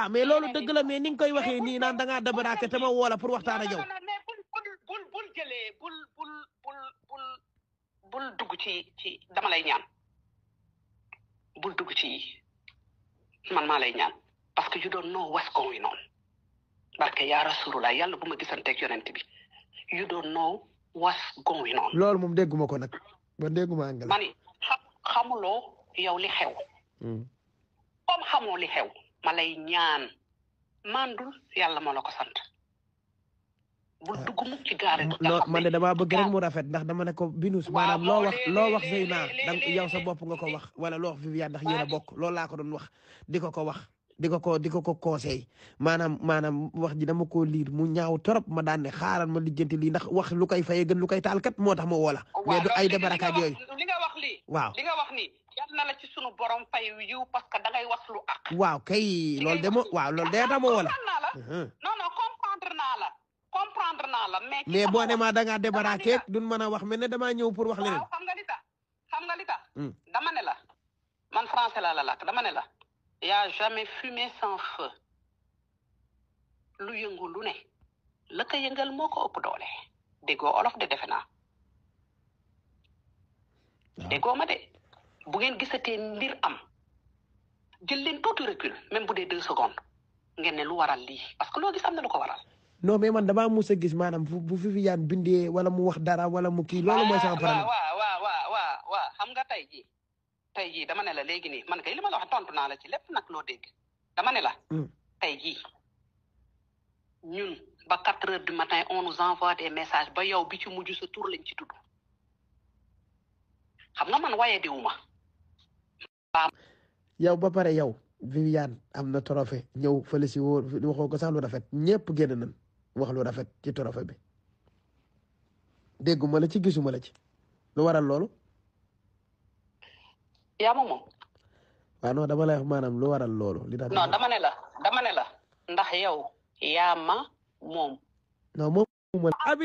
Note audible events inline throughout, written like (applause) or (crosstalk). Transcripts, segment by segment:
waaw loolu dëgg la mais ni nga koy waxee nii naan da ngaa dabaraate te ma woo la pour waxtaan ak yow. mais bul bul bul bul bul dugg ci ci dama lay ñaan bul dugg ci man maa lay ñaan parce que you don't know que going on barke yaa rasulullah yàlla bu ma gisanteeg yonent bi you don't know what's going on. loolu moom dégguma ko nag man dégguma anglais. ma ni xamuloo yow li xew. Hmm. comme xamoo li xew. ma lay ñaan mandul yàlla moo la ko sant. bul ah. dugg mukk ci gaare. non man de damaa bëgg rek mu rafet ndax dama ne ko binus maanaam loo wax loo wax Zeyna dang yow sa bopp nga ko wax wala loo wax Viviane ndax yéen bokk loolu laa ko doon wax di ko ko wax. di ko ko di ko ko conseil maanaam maanaam wax ji dama koo liir mu ñaaw torop ma daan ne xaaral ma lijjanti lii ndax wax lu koy fayee gën lu koy taal kat moo tax ma woola mais du ay débarakaat yooyu li nga waaw na la ci sunu borom fay yiw parce que da ngay wax lu ak waaw kay lool de moo waaw loolu de dama wala naa la (laughs) uh-huh. non non comprendre naa la comprendre naa la mais mais boo ne maa da ngaa mën a wax mel ne damaa ñëw pour wax leneen xam nga li tax xam hmm. dama ne la man français la làkk dama ne la y a jamais fumée sans feu lu yëngu lu ne la ko yëngal moo ko ëpp doole déggoo olof de defe naa ah. déggoo ma de bu ngeen gisatee mbir am jël leen tuuti recul même bu dee deux secondes ngeen ne lu waral lii parce que loo gis am na lu ko waral. non mais man damaa mus a gis maanaam bu fi Viviane bindee wala mu wax dara wala mu kii loolu mooy. sama wa waaw waaw waaw waaw xam nga tey jii. tey jii dama ne la léegi nii man kay li ma la wax tontu naa la ci lépp nag loo dégg dama ne la. Hmm. tey jii ñun ba quatre heures du matin on nous envoie des messages ba yow bi ci mujj sa tur lañ ci tudd xam nga man waaye diwuma. yow ba pare yow Viviane am na trophée ñëw fële si wóor waxoo ko sax rafet ñëpp génn nañ wax lu rafet ci trophée bi dégguma la ci gisuma la ci lu waral loolu. yaa ma moom. waaw non dama lay wax maanaam lu waral loolu. li tax non dama ne ndax yow yaa moom. non moom moom. waxul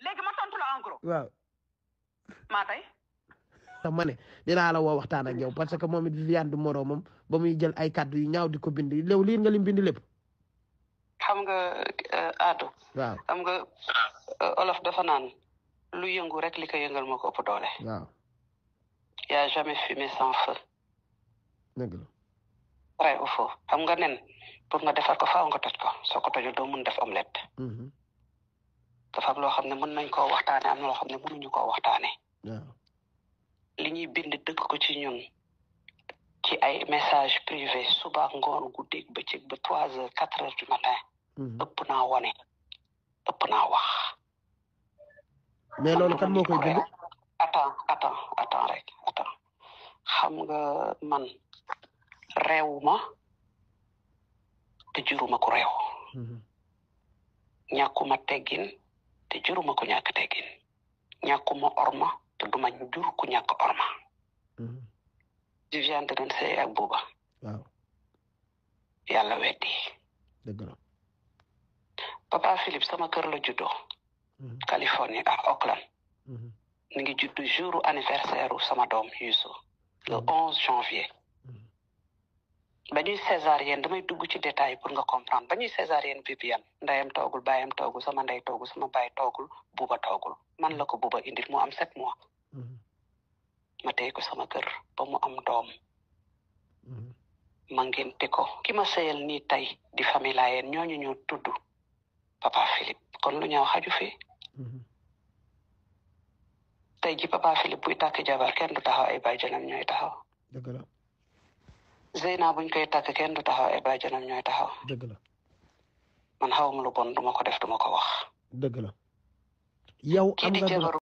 léegi tax ma ne dinaa la woo waxtaan ak yow parce que moom it Viviane du moroomam ba muy jël ay kàddu yu ñaaw di ko bind léew liir nga lim xam nga euh, Addo. xam nga euh, olof dafa naan lu yëngu rek li ko yëngal moo ko ëpp doole. waaw. jamais fumée sans feu. dëgg la. vrai xam nga nen pour nga defar ko faaw nga toj ko soo ko tojul doo mun def omelette. Mhm. dafa loo xam ne mën nañ koo waxtaane am na loo xam ne mënuñu ko waxtaane. li bind dëkk ko ci ñun ci ay message privé suba ngoon guddeeg bëccëg ba trois heures quatre heures du matin mhm. ëpp naa wone ëpp naa wax mais loolu kan moo koy bind attends attends attends rek attends xam nga man réewuma te juruma ko réew mhm. ñàkkuma teggin te juruma ko ñàkk teggin ñàkkuma orma mañ jur ku ñàkk orma. Viviane da doon sëy ak Bouba. waaw. yàlla weddi. papa Philippe sama kër la juddoo. Mm-hmm. Californie ak Oakland. Mm-hmm. mi ngi juddu jour anniversaire sama doom Youssou le mm-hmm. onze janvier. ba ñuy césarienne damay dugg ci détail pour nga comprendre ba ñuy césarienne Viviane ndeyam toogul baayam toogul sama ndey toogul sama baay toogul buuba toogul man la ko buuba indil mu am sept mois. Mm-hmm. ma téye ko sama kër ba mu am doom mm-hmm. ma ngénte ko ki ma seyal nii tey di famille laayeen ñooñu ñu tudd papa Philippe kon lu ñaaw xaju fi mm-hmm. tey ji papa Philippe buy tàkk jabar kenn du taxaw ay bàjjanam ñooy taxaw dëgg la Zeyna buñ koy tàkk kenn du taxaw ay bàjjanam ñooy taxaw dëgg la man xawma lu bon duma ko def duma ko wax dëgg la yow am